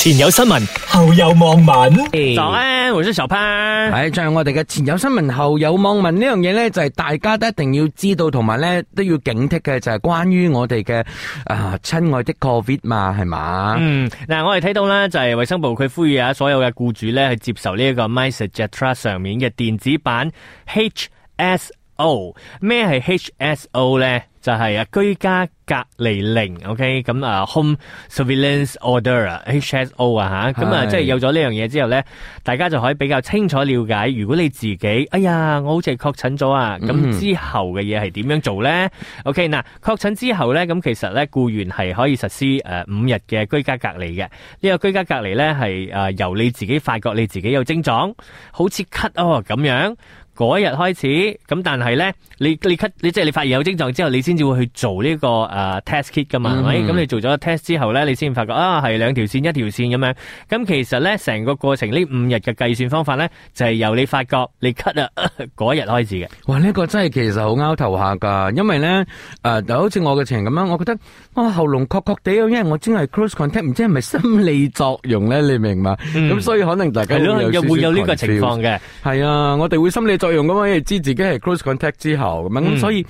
前有新聞，後有網民。早啊，衛生裁判。係，仲有我哋嘅前有新聞，後有網民呢樣嘢咧，就係大家都一定要知道，同埋咧都要警惕嘅，就係關於我哋嘅啊，親愛的 Covid 嘛，係嘛？嗯，嗱，我哋睇到咧就係衛生部佢呼籲下，所有嘅僱主咧去接受呢一個 MySejahtera 上面嘅電子版 HSO。咩係 HSO 咧？就係啊，居家隔離令，OK，咁啊，home surveillance order 啊，HSO 啊吓，咁啊，即係有咗呢樣嘢之後咧，大家就可以比較清楚了解，如果你自己，哎呀，我好似係確診咗啊，咁之後嘅嘢係點樣做咧？OK，嗱，確診之後咧，咁其實咧，僱員係可以實施誒五日嘅居家隔離嘅。呢個居家隔離咧係誒由你自己發覺你自己有症狀，好似咳哦咁樣。嗰一日開始，咁但係咧，你你咳，你即係你發現有症狀之後，你先至會去做呢個誒 test kit 㗎嘛，係咪？咁你做咗 test 之後咧，你先發覺啊，係兩條線一條線咁樣。咁其實咧，成個過程呢五日嘅計算方法咧，就係由你發覺你咳啊嗰一日開始嘅。哇！呢個真係其實好拗頭下㗎，因為咧誒就好似我嘅情形咁樣，我覺得我喉嚨確確地，因為我真係 close contact，唔知係咪心理作用咧？你明嘛？咁所以可能大家係咯，又會有呢個情況嘅。係啊，我哋會心理作用。用咁啊，知自己係 close contact 之後咁啊，咁、嗯嗯、所以，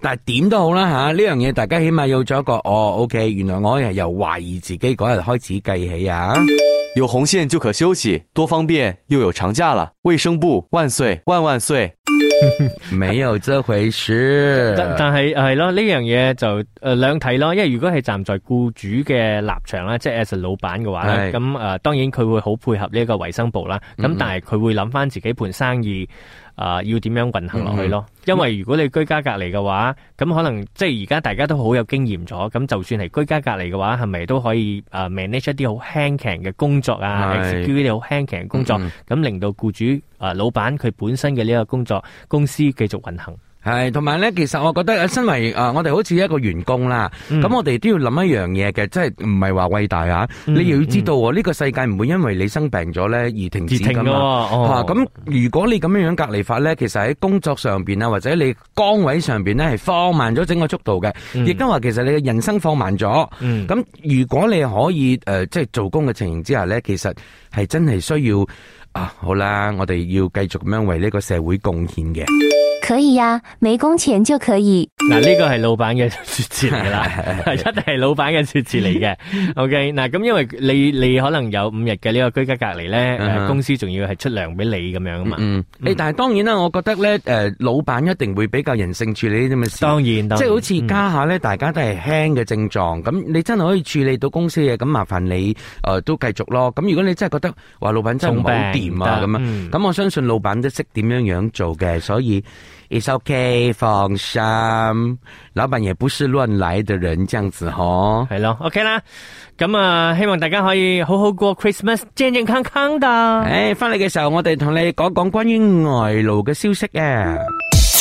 但係點都好啦吓，呢樣嘢大家起碼有咗一個哦，OK，原來我係由懷疑自己嗰日開始計起啊。有紅線就可休息，多方便，又有長假啦。衛生部萬歲，萬萬歲！ 沒有這回事。 但係係咯，呢樣嘢就誒、呃、兩睇咯，因為如果係站在雇主嘅立場啦，即係 as 老闆嘅話咁誒是、嗯，當然佢會好配合呢個衛生部啦。咁但係佢會諗翻自己盤生意。啊、呃，要點樣運行落去咯？因為如果你居家隔離嘅話，咁可能即係而家大家都好有經驗咗，咁就算係居家隔離嘅話，係咪都可以啊 manage 一啲好輕鬆嘅工作啊？其實居於啲好輕鬆嘅工作，咁、嗯、令到僱主啊、呃、老板佢本身嘅呢個工作公司繼續運行。係，同埋咧，其實我覺得身為誒、呃、我哋好似一個員工啦，咁、嗯、我哋都要諗一樣嘢嘅，即係唔係話偉大吓，嗯、你要知道呢、嗯、個世界唔會因為你生病咗咧而停止噶嘛。咁如果你咁樣樣隔離法咧，其實喺工作上邊啊，或者你崗位上邊咧係放慢咗整個速度嘅，亦都話其實你嘅人生放慢咗。咁、嗯、如果你可以誒、呃，即係做工嘅情形之下咧，其實係真係需要啊。好啦，我哋要繼續咁樣為呢個社會貢獻嘅。可以呀，沒工錢就可以。嗱，呢個係老闆嘅說辭嚟噶啦，係一定係老闆嘅說辭嚟嘅。OK，嗱咁，因為你你可能有五日嘅呢個居家隔離咧，誒，公司仲要係出糧俾你咁樣啊嘛。嗯，誒，但係當然啦，我覺得咧，誒，老闆一定會比較人性處理呢啲咁嘅事。當然，即係好似家下咧，大家都係輕嘅症狀，咁你真係可以處理到公司嘅嘢，咁麻煩你誒都繼續咯。咁如果你真係覺得話老闆真係唔好掂啊咁樣，咁我相信老闆都識點樣樣做嘅，所以。It's okay，放心。老闆也不是亂來的人，這樣子，嗬。係咯，OK 啦。咁啊，希望大家可以好好過 Christmas，健健康康㗎。欸，返嚟嘅時候，我哋同你講講關於外勞的消息啊。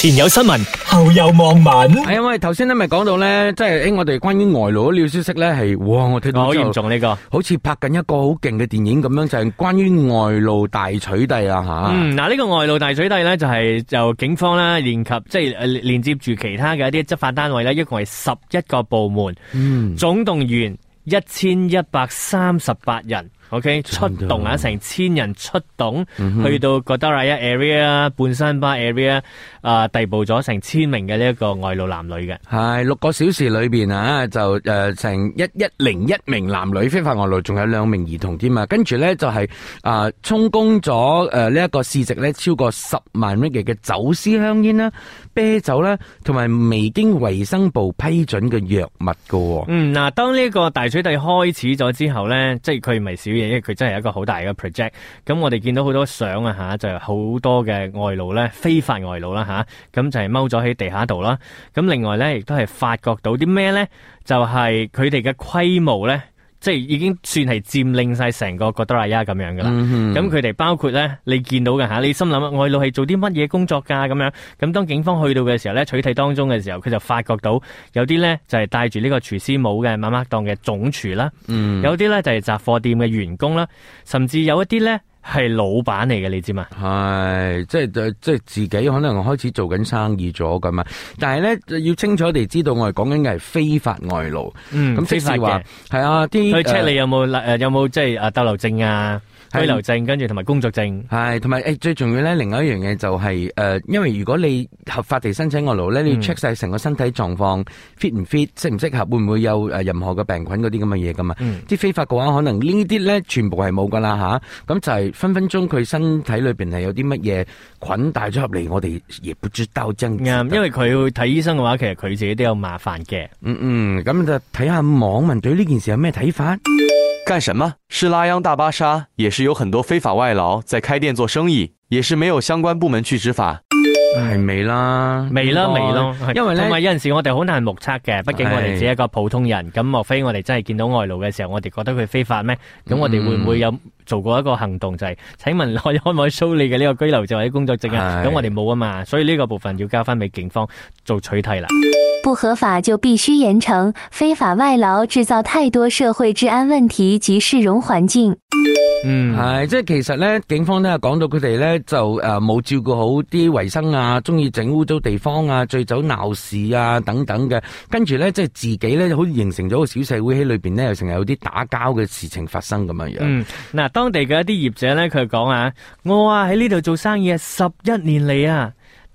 前有新聞，後有網民。係啊、哎，喂，頭先咧咪講到咧，即係誒，我哋關於外勞嗰啲消息咧，係哇，我聽到好嚴重呢個，好似拍緊一個好勁嘅電影咁樣，就係關於外勞大取締啊吓。嗯，嗱，呢個外勞大取締咧，就係就警方啦連及即係連接住其他嘅一啲執法單位咧，一共係十一個部門，嗯，總動員一千一百三十八人。OK，出動啊！成千人出動，去到個德賴亞 area 啦、半山巴 area 啊，逮捕咗成千名嘅呢一個外勞男女嘅。係六個小時裏邊啊，就誒成一一零一名男女非法外勞，仲有兩名兒童添啊！跟住咧就係啊，充公咗誒呢一個市值咧超過十萬蚊嘅走私香煙啦、啤酒啦，同埋未經衞生部批准嘅藥物㗎。嗯，嗱，當呢一個大取締開始咗之後咧，即係佢唔係少。因為佢真係一個好大嘅 project，咁我哋見到好多相啊吓，就係好多嘅外勞咧，非法外勞啦吓，咁就係踎咗喺地下度啦。咁另外咧，亦都係發覺到啲咩咧？就係佢哋嘅規模咧。即係已經算係佔領晒成個哥打亞咁樣噶啦，咁佢哋包括咧，你見到嘅吓，你心諗啊，外勞係做啲乜嘢工作噶咁樣？咁當警方去到嘅時候咧，取締當中嘅時候，佢就發覺到有啲咧就係帶住呢個廚師帽嘅嘛嘛檔嘅總廚啦，嗯、有啲咧就係雜貨店嘅員工啦，甚至有一啲咧。係老闆嚟嘅，你知嘛？係即係即係自己，可能開始做緊生意咗咁啊！但係咧要清楚地知道，我哋講緊嘅係非法外勞。嗯，咁即是話係啊，啲去 check 你有冇誒有冇即係誒逗留證啊？居留證，跟住同埋工作證，係同埋誒，最重要咧，另外一樣嘢就係誒，因為如果你合法地申請外勞咧，你要 check 晒成個身體狀況 fit 唔 fit，適唔適合，會唔會有誒任何嘅病菌嗰啲咁嘅嘢噶嘛？啲非法嘅話，可能呢啲咧，全部係冇噶啦吓。咁就係分分鐘佢身體裏邊係有啲乜嘢菌帶咗入嚟，我哋亦唔知鬥爭。啱，因為佢會睇醫生嘅話，其實佢自己都有麻煩嘅。嗯嗯，咁就睇下網民對呢件事有咩睇法。幹什麼？是拉央大巴沙，也是有很多非法外勞在開店做生意，也是沒有相關部門去執法。還未啦？未啦，未咯了？啊，沒了因為呢，因為有陣時我哋好難目測嘅，畢竟我哋只係一個普通人。咁，哎，莫非我哋真係見到外勞嘅時候，我哋覺得佢非法咩？咁我哋會唔會有做過一個行動？嗯，就係，請問可可唔可以 show 你嘅呢個居留證或者工作證啊？咁，哎，我哋冇啊嘛，所以呢個部分要交翻俾警方做取締啦。不合法就必須嚴懲非法外勞，製造太多社會治安問題及市容環境。嗯，係 即係其實咧，警方咧講到佢哋咧就誒冇照顧好啲衛生啊，中意整污糟地方啊，醉酒鬧事啊等等嘅，跟住咧即係自己咧好似形成咗個小社會喺裏邊咧，又成日有啲打交嘅事情發生咁樣樣。嗱、嗯，當地嘅一啲業者咧，佢講啊，我啊喺呢度做生意啊，十一年嚟啊，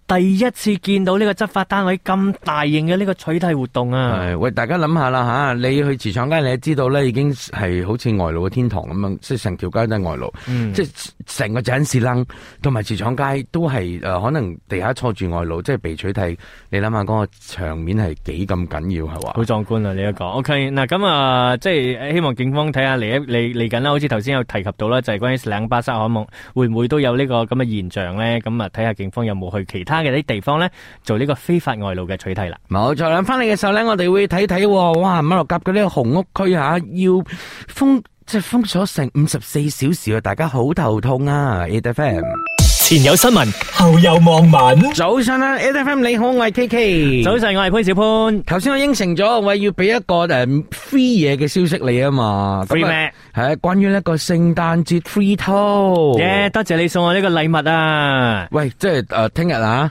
第一次見到呢個執法單位咁大型嘅呢個取締活動啊！係喂，大家諗下啦嚇，你去慈廠街，你係知道咧，已經係好似外勞嘅天堂咁樣，即係成條街都係外勞，即係成個陣士楞，同埋慈廠街都係可能地下坐住外勞，即係被取締。你諗下嗰個場面係幾咁緊要係話？好壯觀啊！呢一個 OK 嗱，咁啊，即係希望警方睇下嚟一嚟嚟緊啦，好似頭先有提及到啦，就係關於兩巴沙可夢會唔會都有呢個咁嘅現象咧？咁啊，睇下警方有冇去其他。嘅啲地方咧，做呢個非法外勞嘅取締啦。冇錯啦，翻嚟嘅時候咧，我哋會睇睇。哇，馬六甲呢啲紅屋區吓、啊，要封，即係封鎖成五十四小時啊！大家好頭痛啊！atfm。前有新聞，後有網民。早上啦，F M 你好，我係 K K。早晨，我係潘小潘。頭先我應承咗，我要俾一個誒 free 嘢嘅消息你啊嘛。free 咩？係關於一個聖誕節 free tour。耶，多謝你送我呢個禮物啊！喂，即係誒，聽日啊。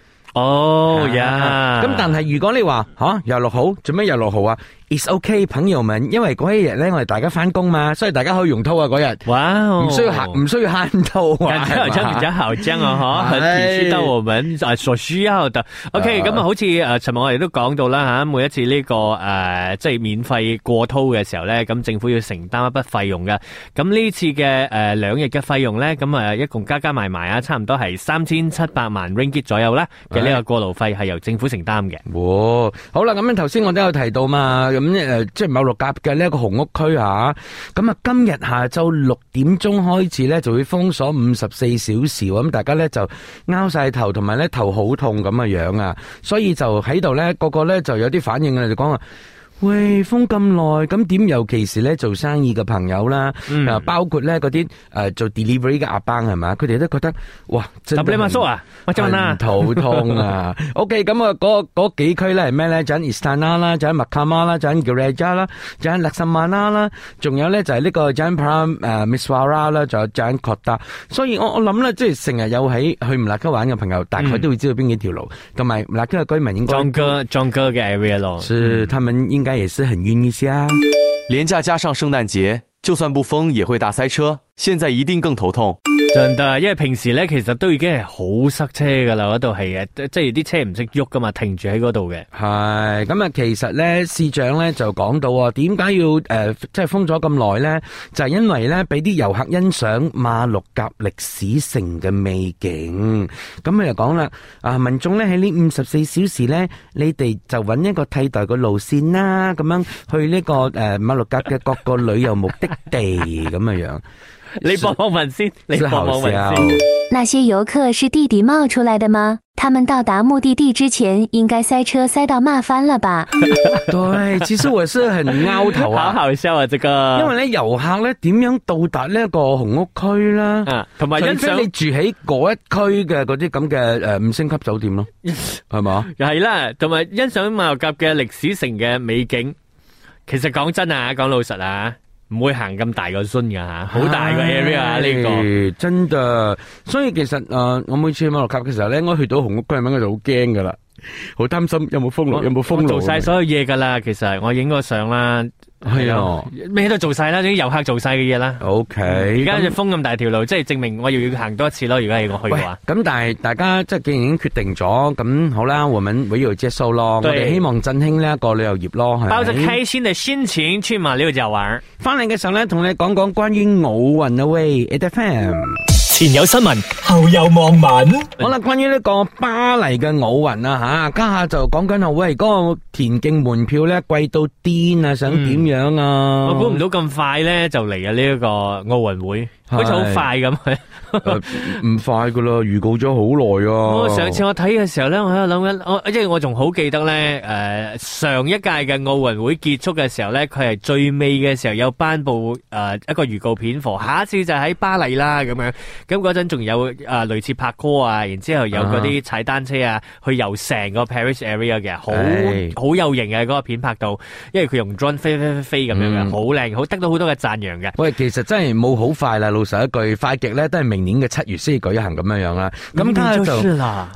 哦呀，咁、oh, yeah. 但係如果你話吓又六號做咩又六號啊？It's OK，朋友們，因為嗰一日咧，我哋大家翻工嘛，所以大家可以用偷啊嗰 Wow, 日，哇，唔需要慳，唔需要慳偷啊，真係真係真係啊，嗬，甜書兜，係咪？誒，傻書休就 OK，咁啊、uh, 嗯，好似誒，尋、呃、日我哋都講到啦吓，每一次呢、這個誒、呃，即係免費過偷嘅時候咧，咁政府要承擔一筆費用嘅。咁、呃、呢次嘅誒兩日嘅費用咧，咁、嗯、誒一共加加埋埋啊，差唔多係三千七百萬 ringgit 左右啦。嘅呢個過路費係由政府承擔嘅、哎哦。好啦，咁樣頭先我都有提到嘛。咁誒、嗯，即係某六甲嘅呢一個紅屋區吓，咁啊今日下晝六點鐘開始呢，就會封鎖五十四小時，咁、嗯、大家呢就拗晒頭，同埋呢頭好痛咁嘅樣啊，所以就喺度呢，個個呢就有啲反應啊，就講啊。喂，封咁耐，咁點？尤其是咧做生意嘅朋友啦，包括咧嗰啲誒做 delivery 嘅阿班係嘛？佢哋、嗯、都覺得哇，十零萬叔啊，真係頭痛啊！OK，咁、嗯、啊，嗰嗰幾區咧係咩咧？就喺 Istana 啦，就喺 Mahkota 啦，就叫 Graja 啦，就喺 Laksamana 啦，仲有咧就係呢個 Jalan Param 誒 Meswara 啦，仲有 Jalan Kota 所以我我諗咧，即係成日有喺去唔辣克玩嘅朋友，大概都會知道邊幾條路。同埋唔辣吉嘅居民應該，莊哥嘅 area 咯，是他們應該。他也是很暈一下、啊。廉價加上聖誕節，就算不封也會大塞車，現在一定更頭痛。真係，因為平時咧，其實都已經係好塞車噶啦，嗰度係嘅，即係啲車唔識喐噶嘛，停住喺嗰度嘅。係，咁啊，其實咧，市長咧就講到啊，點解要誒，即係封咗咁耐咧？就係因為咧，俾啲遊客欣賞馬六甲歷史城嘅美景。咁啊又講啦，啊民眾咧喺呢五十四小時咧，你哋就揾一個替代嘅路線啦，咁樣去呢個誒馬六甲嘅各個旅遊目的地咁樣樣。你幫我問先，幫我問先，那些遊客是地底冒出來的嗎？他們到達目的地之前，應該塞車塞到罵翻了吧？ 對，其實我是很拗頭、啊、好好笑啊，這個。因為咧，遊客咧點樣到達呢一個紅屋區啦？啊，同埋，除非你住喺嗰一區嘅嗰啲咁嘅誒五星級酒店咯，係嘛 吧？ 又係啦，同埋欣賞馬六甲嘅歷史城嘅美景。其實講真啊，講老實啊。唔會行咁大個圈噶吓，好大個 area 啊！呢、哎這個真的，所以其實誒、呃，我每次去馬六甲嘅時候咧，我去到紅屋居民我就好驚噶啦，好擔心有冇封路，我有冇封路。我做晒所有嘢噶啦，其實我影個相啦。係啊，咩都、嗯、做晒啦，啲遊客做晒嘅嘢啦。OK，而家就封咁大條路，即係證明我要要行多一次咯。如果如果去嘅話，咁但係大家即係既然已經決定咗，咁好啦，我們會要接收咯。對我哋希望振興呢一個旅遊業咯。包咗開心的心情去呢個遊玩，翻嚟嘅時候咧，同你講講關於奧運啊喂，At the e n 前有新聞，後有網民。嗯、好啦，關於呢個巴黎嘅奧運啊，吓家下就講緊係喂，嗰、嗰個田徑門票咧貴到癲啊，想點樣啊？嗯、我估唔到咁快咧就嚟啊！呢一個奧運會。是好似好快咁，唔、啊、 快噶啦，預告咗好耐啊！我、哦、上次我睇嘅時候咧，我喺度諗緊，我即係我仲好記得咧，誒、呃，上一屆嘅奧運會結束嘅時候咧，佢係最尾嘅時候有頒布誒、呃、一個預告片，講下一次就喺巴黎啦咁樣咁嗰陣，仲有誒、呃、類似拍 call 拍拖啊，然之後有嗰啲踩單車啊，去遊成個 Paris area 嘅，好好有型嘅嗰、那個、片拍到，因為佢用 drone 飛飛飛咁樣嘅，好靚好得到好多嘅讚揚嘅。喂，其實真係冇好快啦，又係一句，快極咧都係明年嘅七月先要舉行咁樣樣啦。咁就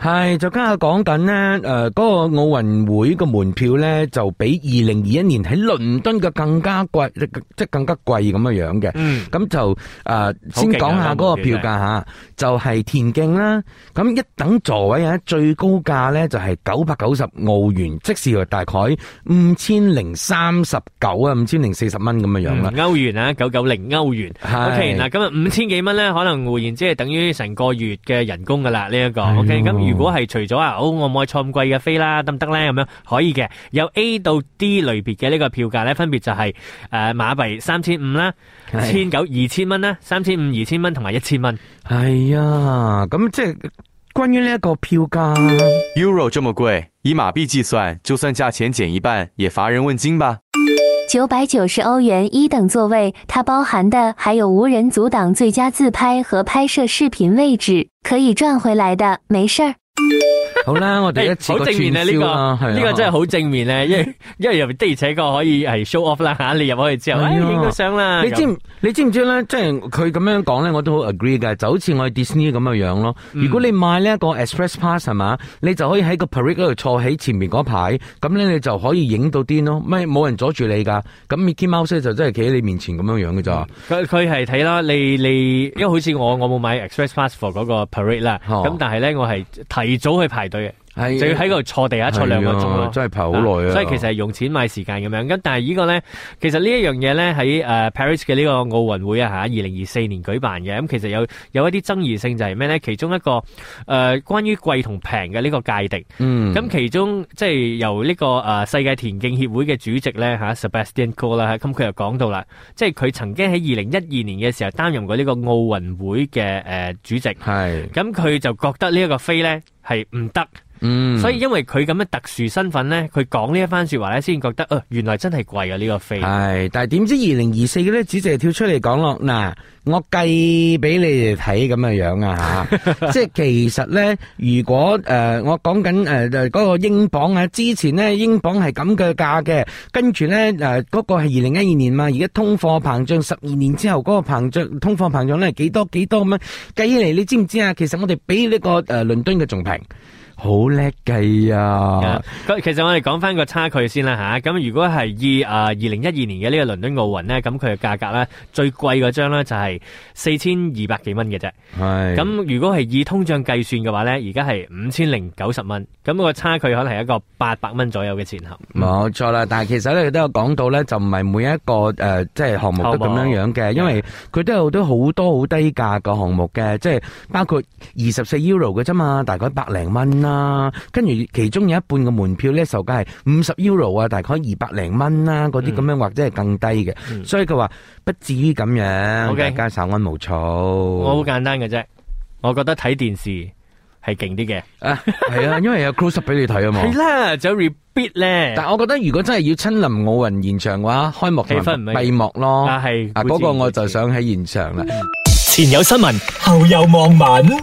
係就家下講緊咧，誒嗰個奧運會嘅門票咧就比二零二一年喺倫敦嘅更加貴，即係更加貴咁樣樣嘅。咁就誒先講下嗰個票價吓，就係田徑啦。咁一等座位啊，最高價咧就係九百九十澳元，即是大概五千零三十九啊，五千零四十蚊咁樣樣啦。歐元啊，九九零歐元。OK，嗱今日。五千幾蚊咧，可能會然即係等於成個月嘅人工噶啦，呢、這、一個。OK，咁、哎、呦如果係除咗啊、哦，我唔可以坐咁貴嘅飛啦，得唔得咧？咁樣可以嘅，有 A 到 D 類別嘅呢個票價咧，分別就係、是、誒、呃、馬幣三千五啦，千九二千蚊啦，三千五二千蚊同埋一千蚊。係啊、哎，咁即係關於呢一個票價。Euro 咁貴，以馬幣計算，就算價錢減一半，也乏人問津吧。九百九十歐元一等座位，它包含的還有無人阻擋、最佳自拍和拍攝視頻位置，可以賺回來的，沒事兒。好啦，我哋一次過串燒呢、欸、啊，呢、這個啊、個真係好正面咧、啊，因為因為入面的而且確可以係 show off 啦嚇，你入去之後，影、啊哎、到相啦。你知唔後你知唔知咧？即係佢咁樣講咧，我都好 agree 㗎。就好似我哋 Disney 咁嘅樣咯。嗯、如果你買呢一個 Express Pass 係嘛，你就可以喺個 parade 嗰度坐喺前面嗰排，咁咧你就可以影到啲咯。咪冇人阻住你㗎？咁 Mickey Mouse 就真係企喺你面前咁樣樣㗎咋。佢佢係睇啦，你你因為好似我我冇買 Express Pass for 嗰個 parade 啦、哦，咁但係咧我係提早去排。 就要喺度坐地下的坐兩個鐘的、嗯、真係排好耐啊！所以其實係用錢買時間咁樣。咁但係呢個咧，其實呢一樣嘢咧喺誒 Paris 嘅呢個奧運會啊吓，二零二四年舉辦嘅。咁、嗯、其實有有一啲爭議性就係咩咧？其中一個誒、uh, 關於貴同平嘅呢個界定，嗯，嗯，咁、嗯、其中即係由呢、這個誒、uh, 世界田徑協會嘅主席咧吓 Sebastian Co 啦，咁佢又講到啦，即係佢曾經喺二零一二年嘅時候擔任過呢個奧運會嘅誒主席，係、uh, uh,，咁、就、佢、是 uh, 是的 嗯、就覺得呢一個飛咧係唔得。嗯，所以因為佢咁嘅特殊身份咧，佢講呢一番說話咧，先覺得誒、哦，原來真係貴啊！呢、這個飛係，但係點知二零二四嘅咧，主席跳出嚟講落：「嗱，我計俾你哋睇咁嘅樣啊吓， 即係其實咧，如果誒、呃、我講緊誒嗰個英鎊啊，之前呢，英鎊係咁嘅價嘅，跟住咧誒嗰個係二零一二年嘛，而家通貨膨脹十二年之後嗰、那個膨脹通貨膨脹咧幾多幾多咁樣計嚟，你知唔知啊？其實我哋比呢、這個誒、呃、倫敦嘅仲平好。好叻計啊！咁其實我哋講翻個差距先啦吓，咁如果係以誒二零一二年嘅呢個倫敦奧運咧，咁佢嘅價格咧最貴嗰張咧就係四千二百幾蚊嘅啫。係咁如果係以通脹計算嘅話咧，而家係五千零九十蚊。咁個差距可能係一個八百蚊左右嘅前後。冇錯啦，但係其實咧都有講到咧，就唔係每一個誒即係項目都咁樣樣嘅，因為佢都有都好多好低價個項目嘅，即係包括二十四 Euro 嘅啫嘛，大概百零蚊啦。跟住其中有一半嘅門票咧，售價係五十 Euro 啊，大概二百零蚊啦，嗰啲咁樣、嗯、或者係更低嘅，嗯、所以佢話不至於咁樣，Okay. 大家稍安毋躁。我好簡單嘅啫，我覺得睇電視係勁啲嘅，係啊，是啊 因為有 close up 俾你睇啊嘛，係啦、啊，就 repeat 咧。但係我覺得如果真係要親臨奧運現場嘅話，開幕閉幕咯，啊係嗰、啊那個我就想喺現場啦。嗯、前有新聞，後有網民。